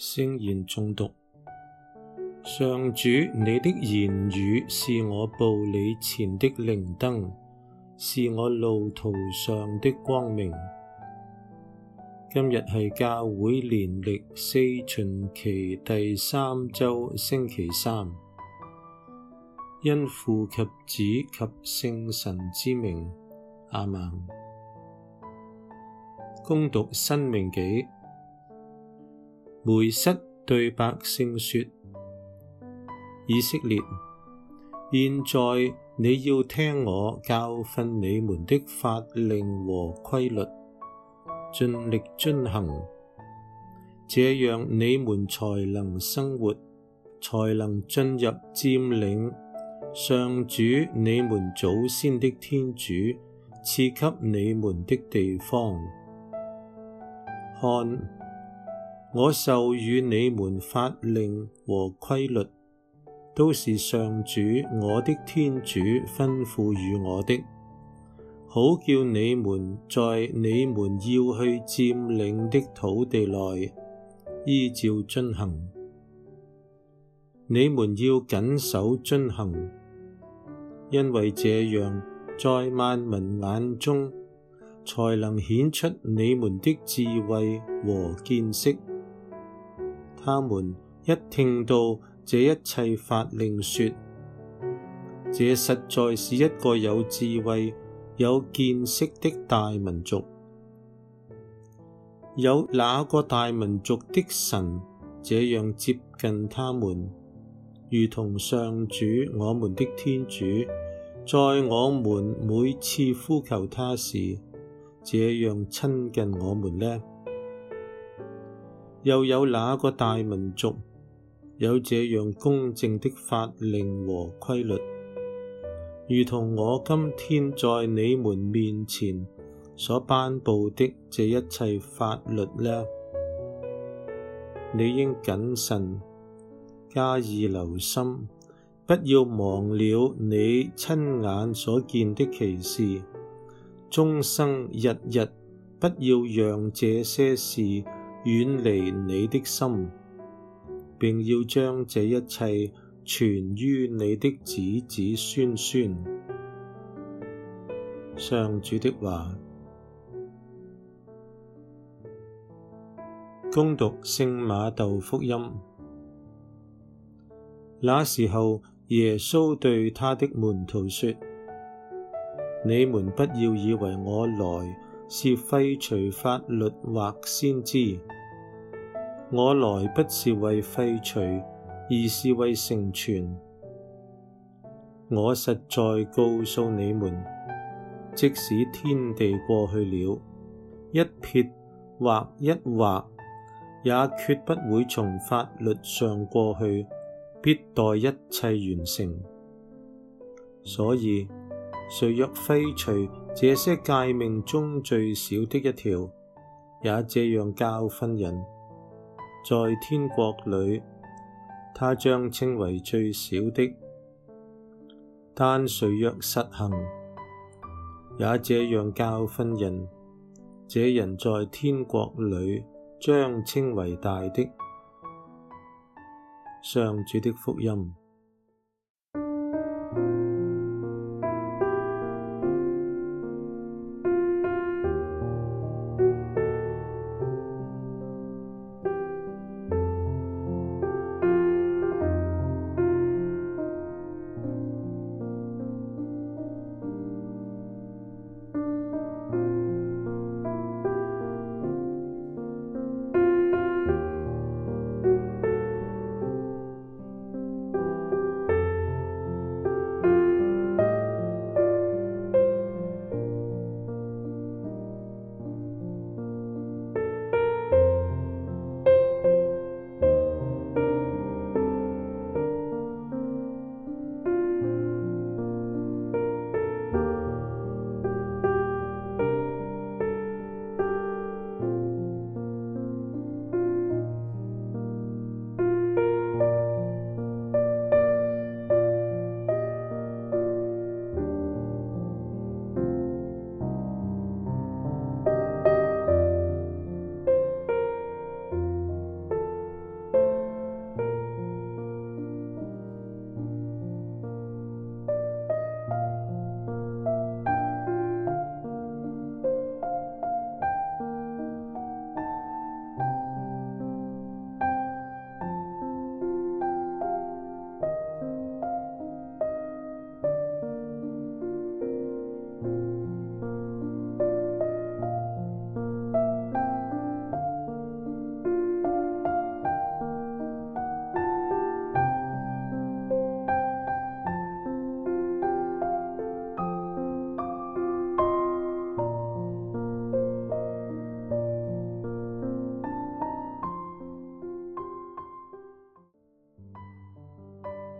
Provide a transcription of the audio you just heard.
聖言誦讀，上主，你的言語是我步履前的靈燈，是我路途上的光明。今日係教會年曆四旬期第三週星期三，因父及子及聖神之名，阿門。恭讀申命紀。梅瑟對百姓說：以色列，現在你要聽我教訓你們的法令和規律，盡力遵行，這樣你們才能生活，才能進入佔領上主你們祖先的天主賜給你們的地方。看。我授予你們法令和規律，都是上主我的天主吩咐與我的，好叫你們在你們要去佔領的土地內依照遵行。你們要謹守遵行，因為這樣在萬民眼中才能顯出你們的智慧和見識。他們一聽到這一切法令，說：這實在是一個有智慧、有見識的大民族。有哪個大民族的神這樣接近他們，如同上主我們的天主，在我們每次呼求他時，這樣親近我們呢？又有哪個大民族有這樣公正的法令和規律，如同我今天在你們面前所頒布的這一切法律呢？你應謹慎，加意留心，不要忘了你親眼所見的奇事，終生日日不要讓這些事，遠離你的心，並要將這一切傳於你的子子孫孫。上主的話。恭讀聖瑪竇福音。那時候，耶穌對他的門徒說：你們不要以為我來是廢除法律或先知。我來不是為廢除，而是為成全。我實在告訴你們，即使天地過去了，一撇或一劃，也絕不會從法律上過去，必待一切完成。所以，誰若廢除這些誡命中最小的一條，也這樣教訓人。在天國裏，他將稱為最小的；但誰若實行，也這樣教訓人，這人在天國裏將稱為大的。—上主的福音。